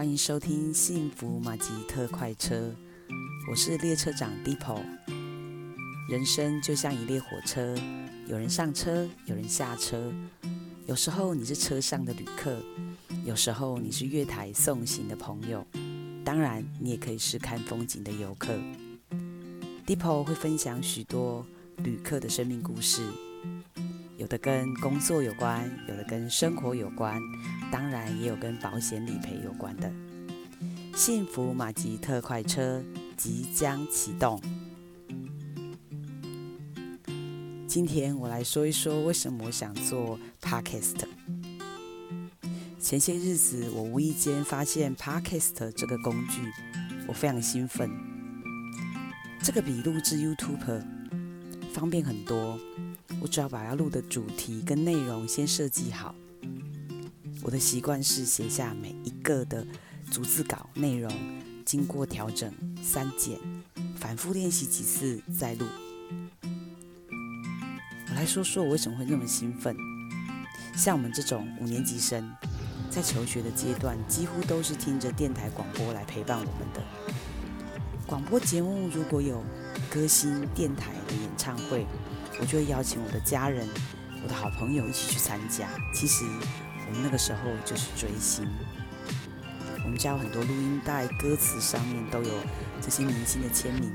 歡迎收聽《幸福瑪吉特快車》，我是列車長 Dipole，人生就像一列火車，有人上車，有人下車。有時候你是車上的旅客，有時候你是月台送行的朋友，當然你也可以是看風景的遊客。Dipole 會分享許多旅客的生命故事。有的跟工作有關，有的跟生活有關，當然也有跟保險理賠有關的。幸福瑪吉特快車即將啟動。今天我來說一說為什麼我想做 Podcast。前些日子我無意間發現 Podcast 這個工具，我非常興奮。這個比錄製 YouTuber，方便很多，我只要把要錄的主題跟內容先設計好。我的習慣是寫下每一個的逐字稿內容，經過調整、刪減，反復練習幾次再錄。我來說說我為什麼會那麼興奮。像我們這種五年級生，在求學的階段，幾乎都是聽着電台廣播來陪伴我們的。廣播節目如果有。歌星電臺的演唱會，我就會邀請我的家人、我的好朋友一起去參加。其實我們那個時候就是追星，我們家有很多錄音帶，歌詞上面都有這些明星的簽名。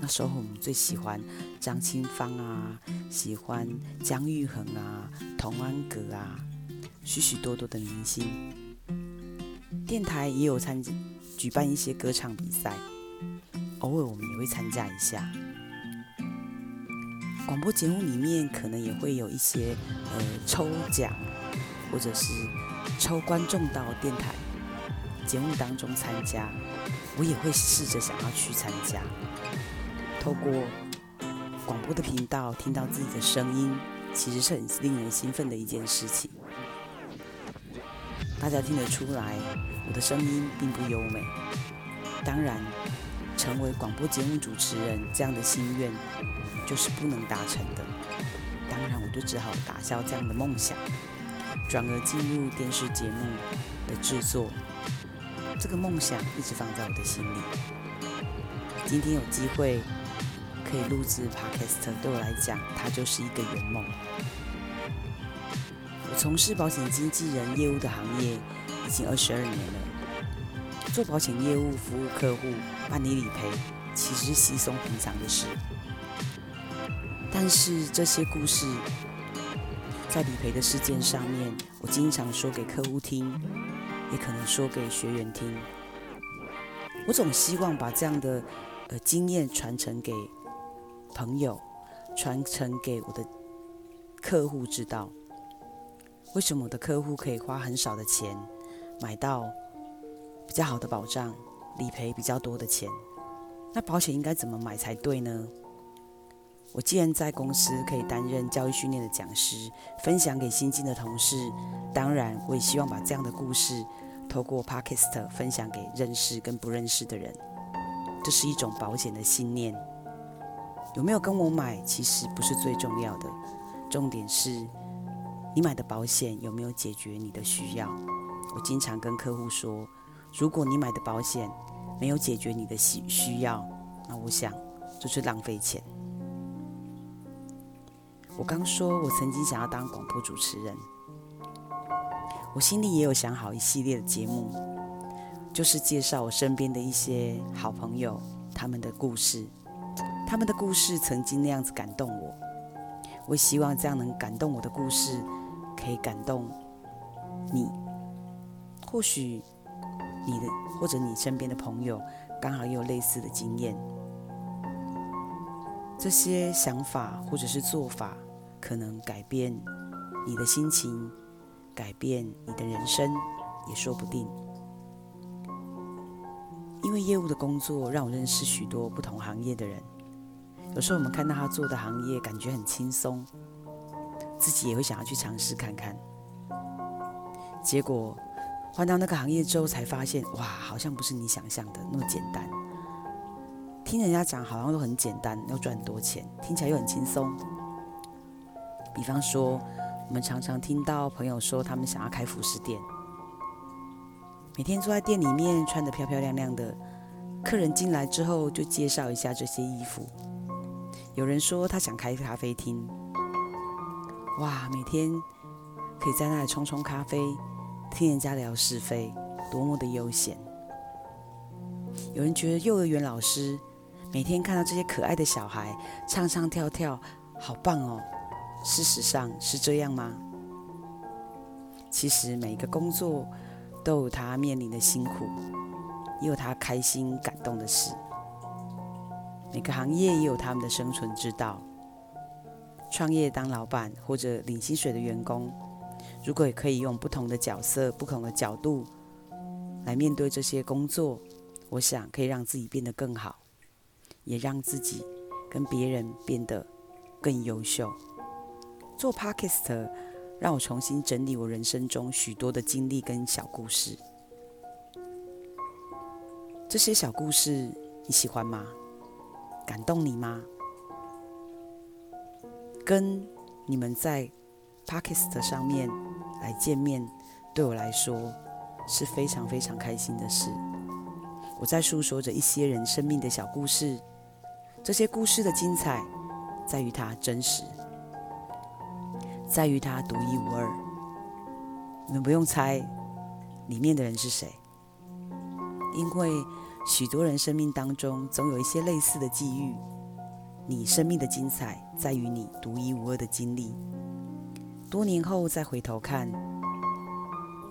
那時候我們最喜歡張清芳啊，喜歡姜育恆啊、童安格啊，許許多多的明星。電臺也有參舉，舉辦一些歌唱比賽。偶爾我們也會參加一下廣播節目，裡面可能也會有一些呃抽獎，或者是抽觀眾到電台節目當中參加。我也會試着想要去參加，透過廣播的頻道聽到自己的聲音，其實是很令人興奮的一件事情。大家聽得出來，我的聲音並不優美，當然。成為廣播節目主持人，這樣的心願就是不能達成的。當然，我就只好打消這樣的夢想，轉而進入電視節目的製作。這個夢想一直放在我的心裡。今天有機會可以錄製 Podcast，對我來講，它就是一個圓夢。我從事保險經紀人業務的行業已經二十二年了。做保險業務，服務客戶，辦理理賠，其實是稀鬆平常的事。但是這些故事，在理賠的事件上面，我經常說給客戶聽，也可能說給學員聽。我總希望把這樣的呃經驗傳承給朋友，傳承給我的客戶知道，為什麼我的客戶可以花很少的錢買到。比較好的保障，理賠比較多的錢。那保險應該怎麼買才對呢？我既然在公司可以擔任教育訓練的講師，分享給新進的同事，當然我也希望把這樣的故事透過 Podcast 分享給認識跟不認識的人。這是一種保險的信念。有沒有跟我買其實不是最重要的，重點是你買的保險有沒有解決你的需要。我經常跟客戶說。如果你買的保險沒有解決你的需需要，那我想就是浪費錢。我剛說，我曾經想要當廣播主持人，我心裡也有想好一系列的節目，就是介紹我身邊的一些好朋友他們的故事，他們的故事曾經那樣子感動我，我希望這樣能感動我的故事，可以感動你，或許。你的或者你身邊的朋友剛好也有類似的經驗，這些想法或者是做法，可能改變你的心情，改變你的人生，也說不定。因為業務的工作讓我認識許多不同行業的人，有時候我們看到他做的行業感覺很輕鬆，自己也會想要去嘗試看看，結果。換到那個行業之後，才發現哇，好像不是你想象的那麼簡單。聽人家講，好像都很簡單，要賺很多錢，聽起來又很輕鬆。比方說，我們常常聽到朋友說，他們想要開服飾店，每天坐在店裡面，穿得漂漂亮亮的，客人進來之後就介紹一下這些衣服。有人說他想開咖啡廳，哇，每天可以在那裡沖沖咖啡。聽人家聊是非，多麼的悠閒！有人覺得幼兒園老師每天看到這些可愛的小孩唱唱跳跳，好棒哦。事實上是這樣嗎？其實每一個工作都有他面臨的辛苦，也有他開心感動的事。每個行業也有他們的生存之道。創業當老闆，或者領薪水的員工，如果也可以用不同的角色，不同的角度來面對這些工作，我想可以讓自己變得更好，也讓自己跟別人變得更優秀。做 Podcast 讓我重新整理我人生中許多的經歷跟小故事，這些小故事你喜歡嗎？感動你嗎？跟你們在 Podcast 上面來見面，對我來說是非常非常開心的事。我在訴說着一些人生命的小故事，這些故事的精彩在於它真實，在於它獨一無二。你們不用猜裡面的人是誰，因為許多人生命當中總有一些類似的際遇。你生命的精彩在於你獨一無二的經歷。多年後再回頭看，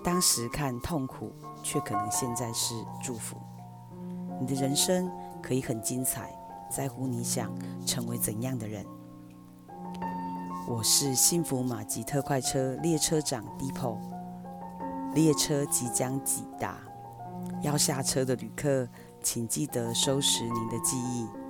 當時看痛苦，卻可能現在是祝福。你的人生可以很精彩，在乎你想成為怎樣的人。我是幸福馬吉特快車列車長 Depot，列車即將抵達，要下車的旅客，請記得收拾您的記憶。